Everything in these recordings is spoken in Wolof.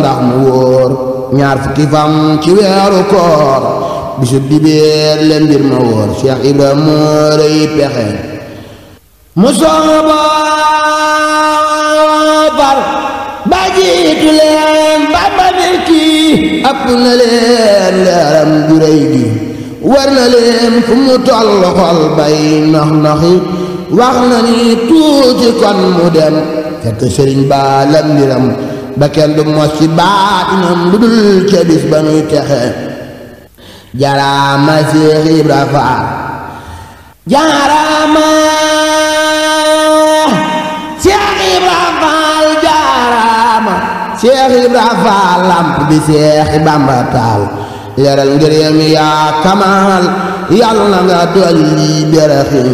ndax mu wor ñaar fukki fam ci wéru koor bisu bibé le mbir ma wor cheikh ibrahim moo pexé pexe bar baji tulen jiitu leen ba babir kii app na leen leeram gi warna na fu mu tollo xol bay nax naxi wax na ni tuuti kon mu dem fekk serigne ba lam ndiram ba kenn du mos ci baati moom lu bis ba texe ya, jara Seex Ibra Faal jaraama Seex Ibra Faal jaraama Seex Ibra Faal lamp bi Seex Bamba tal yaral ngir yaa kamaal yàlla na nga doli beraxin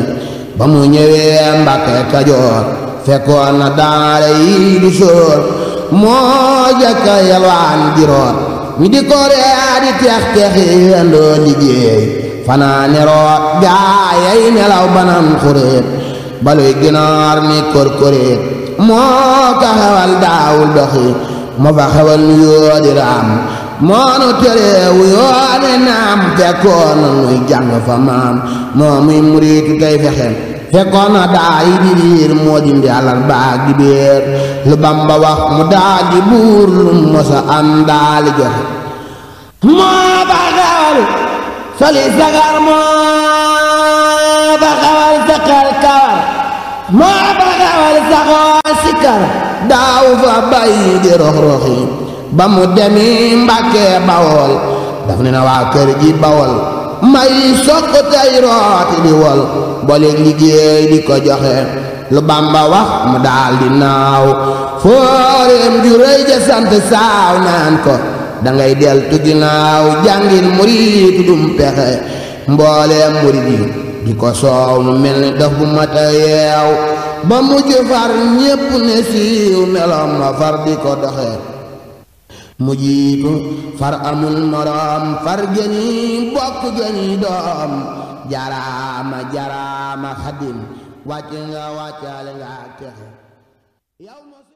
bamu ñewé ñëwee Mbàkke fekkona fekkoon daara yi di soor moo jàkka yalwaan jiroot ñi di koreyaa di teex teexi wendoo liggéey fanaane root gaayay nelaw banan xuréet baluy ginaar ni korkoréet moo ka xewal daawul doxi moo fa xewal nu yoodi raam moonu tereewu yoone naam fekkoon nuy jàng fa maam moo muy muriitu tey fexen Ya, ko na daay di dir modim di alal baagi di béer lu bamba wax mu daa bur lu mosa am daali joxe moo ba xawal soli sagar moo ba xawal sakal kawar ba sikar daaw fa bàyyi di roh rohi ba mu demi mbake bawol daf ne na wa keur gi bawol may soq tey rooti di wol boleeg liggéey di ko joxe lu bamba wax mu daal di naaw fooreem ju rëy ja saaw naan ko dangay deltu ginnaaw jàngil murit dum pexe mbooleem murit yi di ko soow mu mel ni dof bu mat a yeew ba far ñépp ne siiw meloom ma far di ko doxe mu jiitu far amul moroom far geni bokk geni doom jaraama jaraama xadim wàcc nga wàccaale nga texe